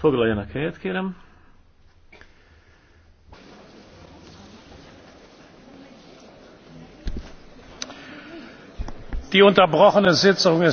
Foglaljanak helyet, kérem. Die unterbrochene Sitzung